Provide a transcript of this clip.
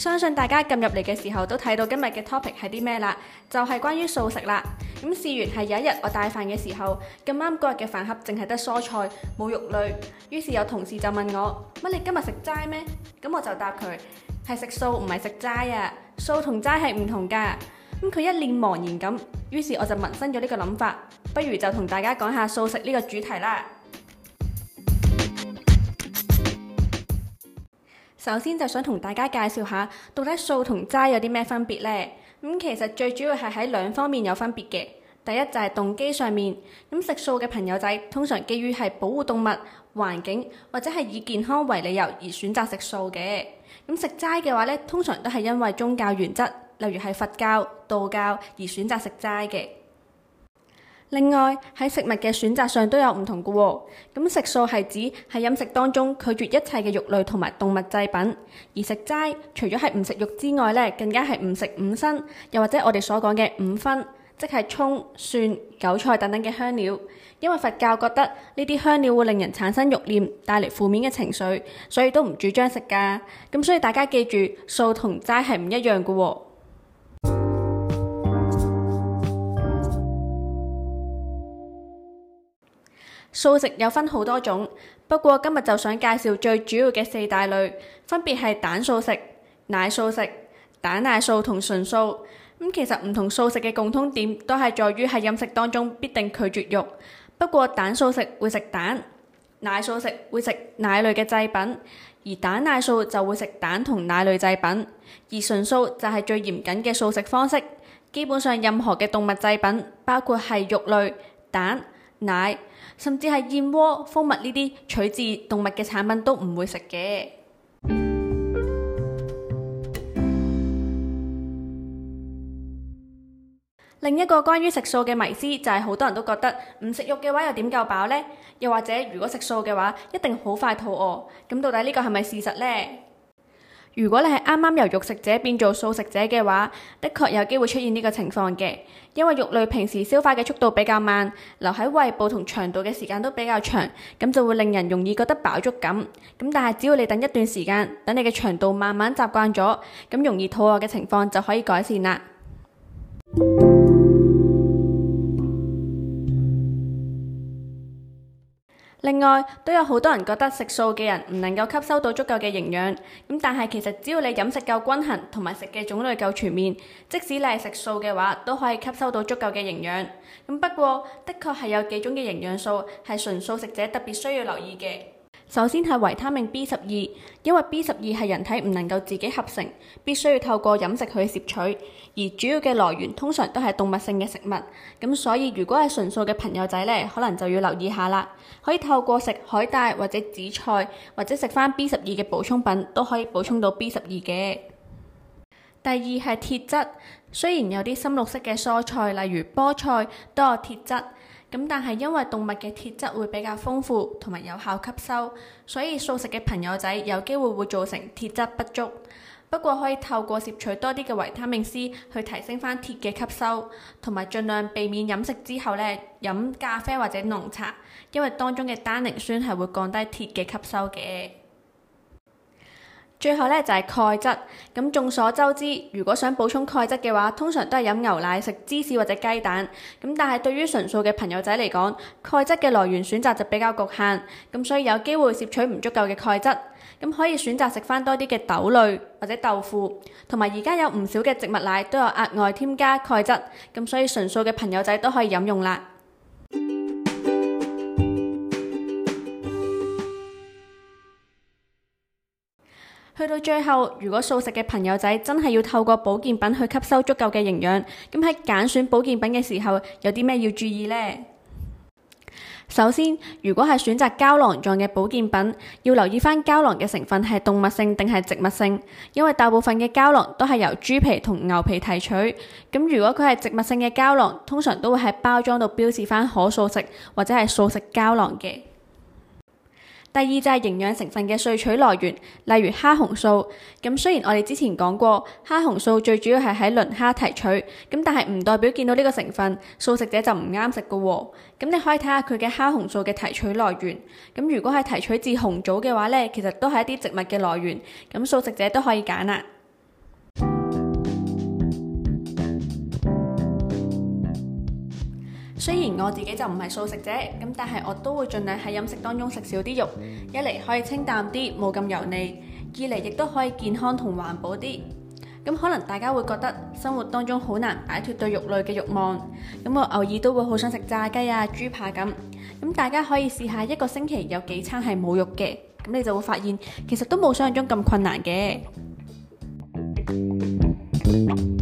相信大家撳入嚟嘅時候都睇到今日嘅 topic 係啲咩啦，就係關於素食啦。咁、嗯、事緣係有一日我帶飯嘅時候，咁啱嗰日嘅飯盒淨係得蔬菜冇肉類，於是有同事就問我，乜你今日食齋咩？咁、嗯、我就答佢係食素唔係食齋啊，素同齋係唔同噶。咁、嗯、佢一臉茫然咁，於是我就萌生咗呢個諗法，不如就同大家講下素食呢個主題啦。首先就想同大家介紹下，到底素同齋有啲咩分別呢？咁其實最主要係喺兩方面有分別嘅。第一就係動機上面，咁食素嘅朋友仔通常基於係保護動物、環境或者係以健康為理由而選擇食素嘅。咁食齋嘅話呢，通常都係因為宗教原則，例如係佛教、道教而選擇食齋嘅。另外喺食物嘅選擇上都有唔同㗎喎，咁食素係指喺飲食當中拒絕一切嘅肉類同埋動物製品，而食齋除咗係唔食肉之外咧，更加係唔食五辛，又或者我哋所講嘅五葷，即係葱、蒜、韭菜等等嘅香料。因為佛教覺得呢啲香料會令人產生慾念，帶嚟負面嘅情緒，所以都唔主張食噶。咁所以大家記住，素同齋係唔一樣㗎喎。素食有分好多種，不過今日就想介紹最主要嘅四大類，分別係蛋素食、奶素食、蛋奶素同純素。咁、嗯、其實唔同素食嘅共通點，都係在於喺飲食當中必定拒絕肉。不過蛋素食會食蛋，奶素食會食奶類嘅製品，而蛋奶素就會食蛋同奶類製品，而純素就係最嚴謹嘅素食方式。基本上任何嘅動物製品，包括係肉類、蛋、奶，甚至係燕窩、蜂蜜呢啲取自動物嘅產品都唔會食嘅。另一個關於食素嘅迷思就係，好多人都覺得唔食肉嘅話又點夠飽呢？又或者如果食素嘅話，一定好快肚餓？咁到底呢個係咪事實呢？如果你係啱啱由肉食者變做素食者嘅話，的確有機會出現呢個情況嘅，因為肉類平時消化嘅速度比較慢，留喺胃部同腸道嘅時間都比較長，咁就會令人容易覺得飽足感。咁但係只要你等一段時間，等你嘅腸道慢慢習慣咗，咁容易肚餓嘅情況就可以改善啦。另外，都有好多人覺得食素嘅人唔能夠吸收到足夠嘅營養。咁但係，其實只要你飲食夠均衡，同埋食嘅種類夠全面，即使你係食素嘅話，都可以吸收到足夠嘅營養。咁不過，的確係有幾種嘅營養素係純素食者特別需要留意嘅。首先係維他命 B 十二，因為 B 十二係人體唔能夠自己合成，必須要透過飲食去攝取，而主要嘅來源通常都係動物性嘅食物。咁所以如果係純素嘅朋友仔呢，可能就要留意下啦。可以透過食海帶或者紫菜，或者食返 B 十二嘅補充品，都可以補充到 B 十二嘅。第二係鐵質，雖然有啲深綠色嘅蔬菜，例如菠菜，都有鐵質。咁但係因為動物嘅鐵質會比較豐富同埋有，有效吸收，所以素食嘅朋友仔有機會會造成鐵質不足。不過可以透過攝取多啲嘅維他命 C 去提升翻鐵嘅吸收，同埋盡量避免飲食之後呢，飲咖啡或者濃茶，因為當中嘅單寧酸係會降低鐵嘅吸收嘅。最後咧就係鈣質，咁眾所周知，如果想補充鈣質嘅話，通常都係飲牛奶、食芝士或者雞蛋。咁但係對於純素嘅朋友仔嚟講，鈣質嘅來源選擇就比較局限，咁所以有機會攝取唔足夠嘅鈣質。咁可以選擇食翻多啲嘅豆類或者豆腐，同埋而家有唔少嘅植物奶都有額外添加鈣質，咁所以純素嘅朋友仔都可以飲用啦。去到最後，如果素食嘅朋友仔真係要透過保健品去吸收足夠嘅營養，咁喺揀選保健品嘅時候，有啲咩要注意呢？首先，如果係選擇膠囊狀嘅保健品，要留意翻膠囊嘅成分係動物性定係植物性，因為大部分嘅膠囊都係由豬皮同牛皮提取。咁如果佢係植物性嘅膠囊，通常都會喺包裝度標示翻可素食或者係素食膠囊嘅。第二就係營養成分嘅萃取來源，例如蝦紅素。咁雖然我哋之前講過，蝦紅素最主要係喺磷蝦提取，咁但係唔代表見到呢個成分素食者就唔啱食嘅喎。咁你可以睇下佢嘅蝦紅素嘅提取來源。咁如果係提取自紅藻嘅話呢，其實都係一啲植物嘅來源，咁素食者都可以揀啦。雖然我自己就唔係素食者，咁但係我都會盡量喺飲食當中食少啲肉，一嚟可以清淡啲，冇咁油膩；二嚟亦都可以健康同環保啲。咁可能大家會覺得生活當中好難擺脱對肉類嘅欲望，咁我偶爾都會好想食炸雞啊、豬扒咁。咁大家可以試下一個星期有幾餐係冇肉嘅，咁你就會發現其實都冇想像中咁困難嘅。嗯嗯